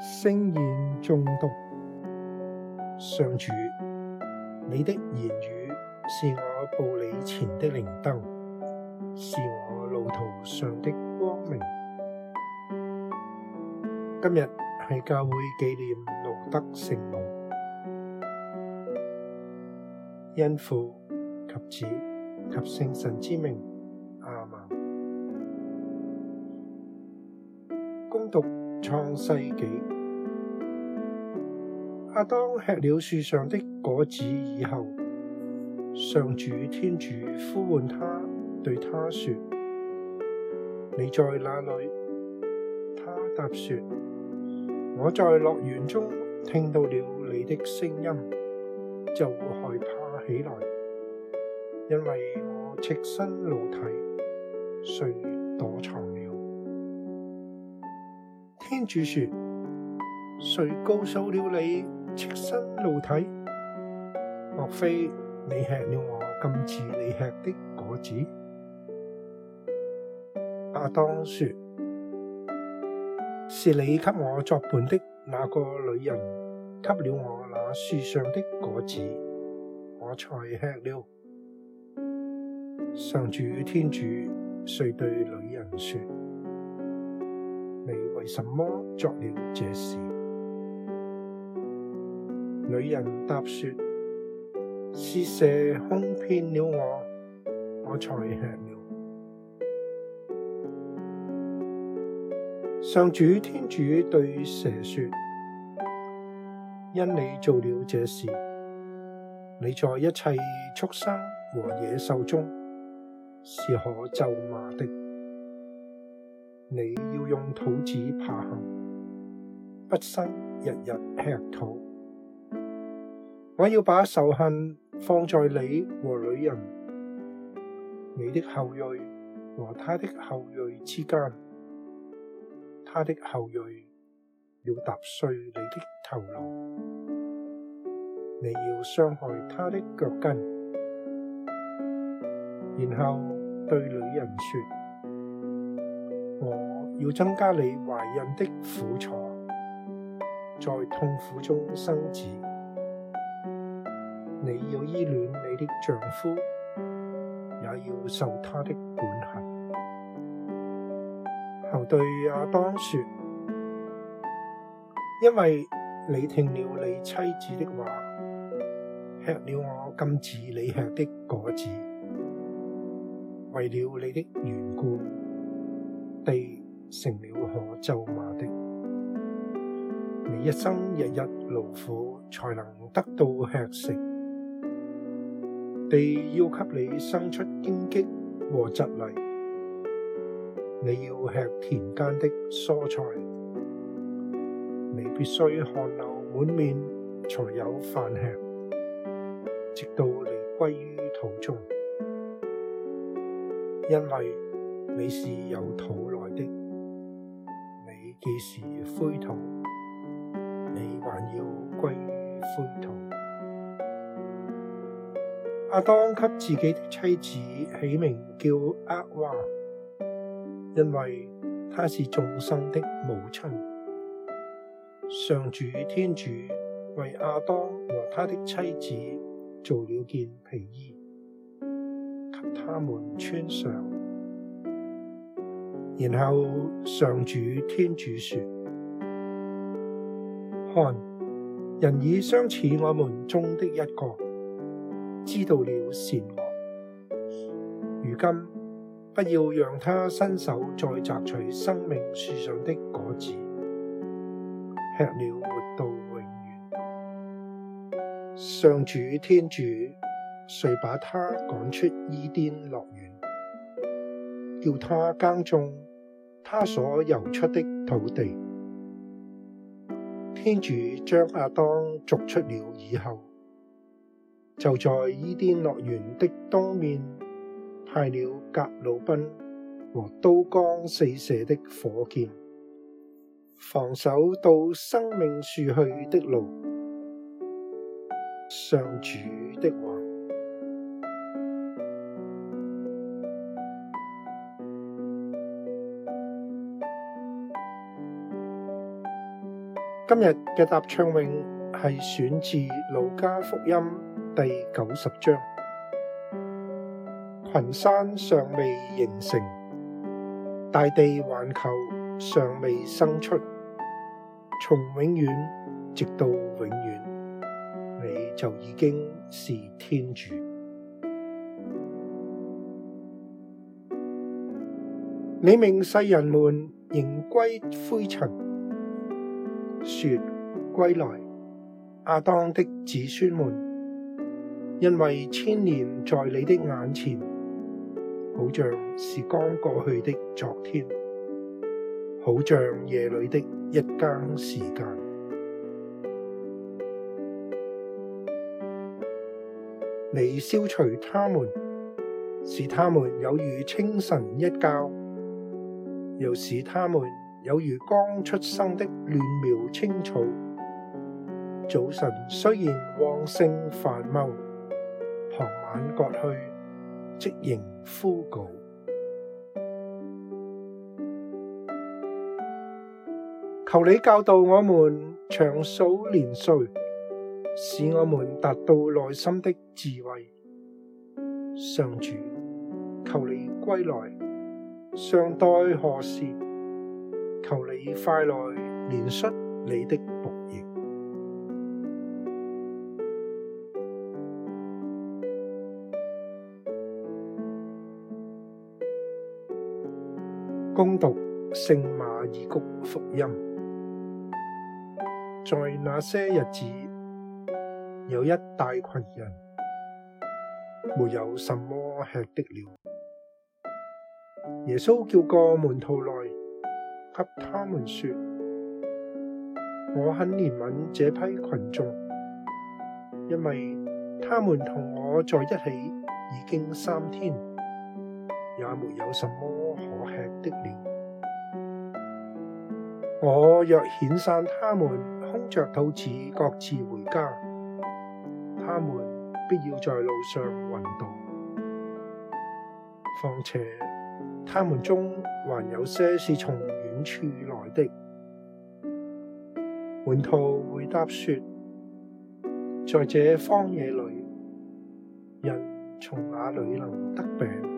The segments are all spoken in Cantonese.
聲言誦讀，上主，你的言語是我步履前的靈燈，是我路途上的光明。今日，喺教會紀念露德聖母，因父及子及聖神之名，阿們。恭讀創世紀，亞當吃了樹上的果子以後，上主天主呼喚他，對他說：你在哪裏？他答說。我在樂園中聽到了你的聲音，就會害怕起來，因為我赤身露體，遂躲藏了。天主說：誰告訴了你赤身露體？莫非你吃了我禁止你吃的果子？亞當說。是你給我作伴的那個女人，給了我那樹上的果子，我才吃了。上主天主遂對女人說：你為什麼作了這事？女人答說：是蛇哄騙了我，我才吃了。上主天主對蛇說：因你做了這事，你在一切畜生和野獸中是可咒罵的。你要用肚子爬行，畢生日日吃土。我要把仇恨放在你和女人、你的後裔和她的後裔之間。他的後裔要踏碎你的頭顱，你要傷害他的腳跟，然後對女人說：我要增加你懷孕的苦楚，在痛苦中生子。你要依戀你的丈夫，也要受他的管轄。對亞當說，因為你聽了你妻子的話，吃了我禁止你吃的果子，為了你的緣故，地成了可咒罵的。你一生日日勞苦，才能得到吃食。地要給你生出荊棘和蒺藜。你要吃田間的蔬菜，你必須汗流滿面才有飯吃，直到你歸於土中，因為你是由土來的。你既是灰土，你還要歸於灰土。亞當給自己的妻子起名叫厄娃。因為她是眾生的母親，上主天主為亞當和他的妻子做了件皮衣，給他們穿上。然後上主天主說：看，人已相似我們中的一個，知道了善惡。如今。不要讓他伸手再摘取生命樹上的果子，吃了活到永遠。上主天主遂把他趕出伊甸樂園，叫他耕種他所游出的土地。天主將亞當逐出了以後，就在伊甸樂園的東面，派了革魯賓和刀光四射的火劍，防守到生命樹去的路。上主的話。今日嘅答唱詠係選自《路加福音》第九十章。群山尚未形成，大地環球尚未生出，從永遠直到永遠，你就已經是天主。你命世人們仍歸灰塵，說歸來，亞當的子孫們，因為千年在你的眼前。好像是剛過去的昨天，好像夜裏的一更時間，你消除他們，使他們有如清晨一覺，又使他們有如剛出生的嫩苗青草。早晨雖然旺盛繁茂，傍晚割去，即形枯槁，求你教導我們詳數年歲，使我們達到內心的智慧。上主，求你歸來，尚待何時？求你快來，憐恤你的僕恭讀聖馬爾谷福音，在那些日子，有一大群人，沒有什麼吃的了。耶穌叫過門徒來，給他們說：我很憐憫這批群眾，因為他們同我在一起已經三天。也沒有什麼可吃的了。我若遣散他們，空着肚子各自回家，他們必要在路上暈倒。況且他們中還有些是從遠處來的。門徒回答說：在這荒野裏，人從哪裏能得餅？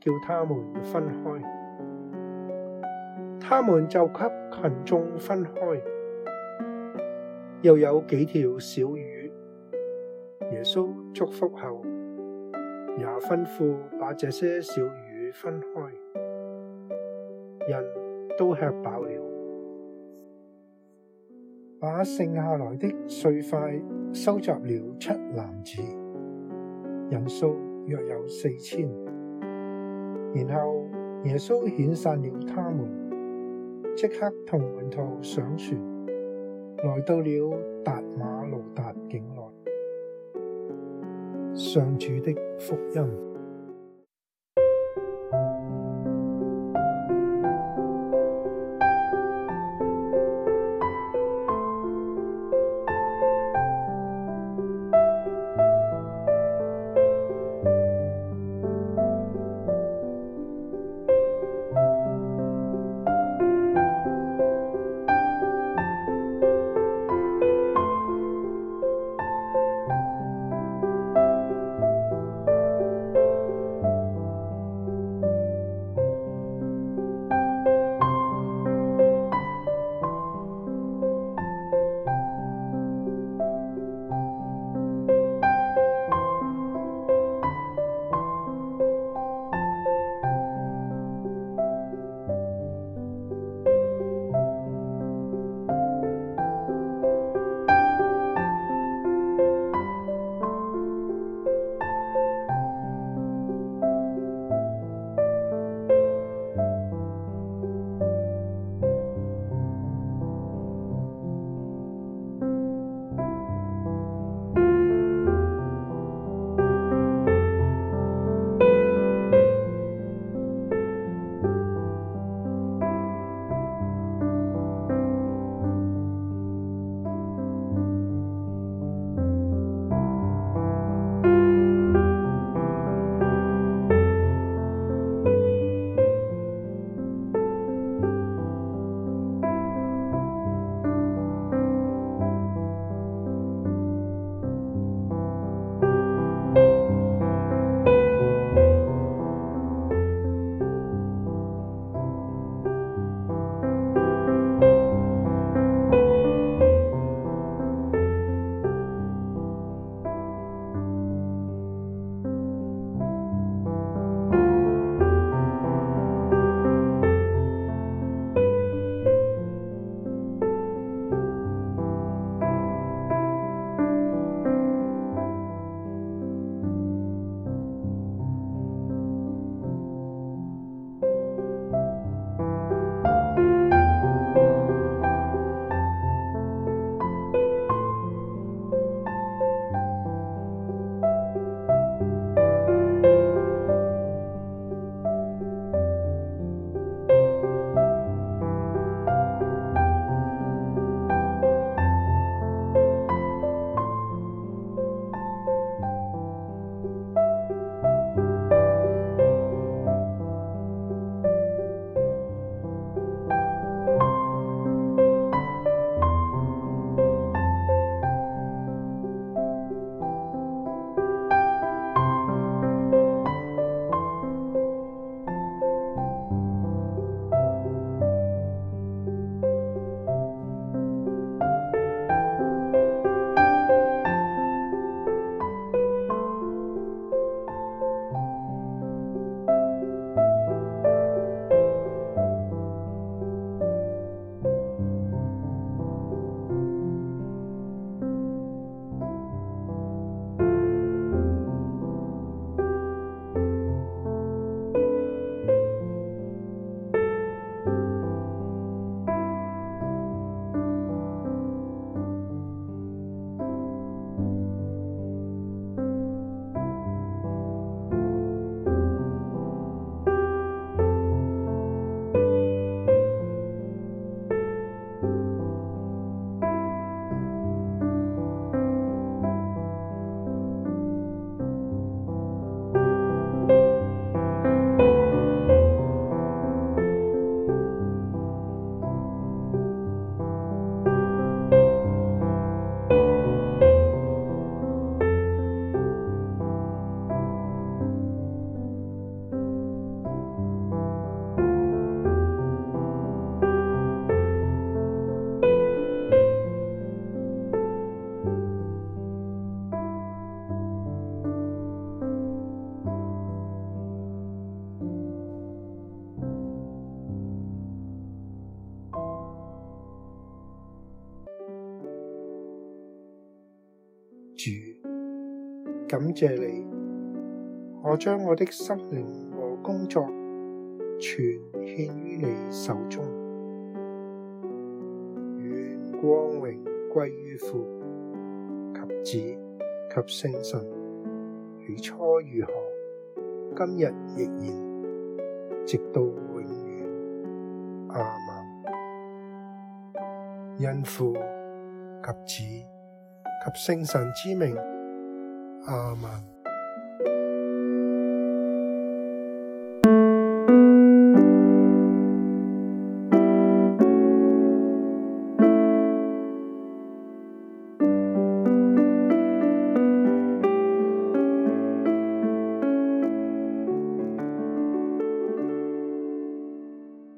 叫他們分開，他們就給群眾分開。又有幾條小魚，耶穌祝福後，也吩咐把這些小魚分開。人都吃飽了，把剩下來的碎塊收集了七籃子，人數約有四千。然後耶穌遣散了他們，即刻同門徒上船，來到了達馬奴達境內，上主的福音。主，感謝你，我將我的生命和工作全獻於你手中，願光榮歸於父及子及聖神，起初如何，今日亦然，直到永遠，阿們，因父及子。及聖神之名，阿們。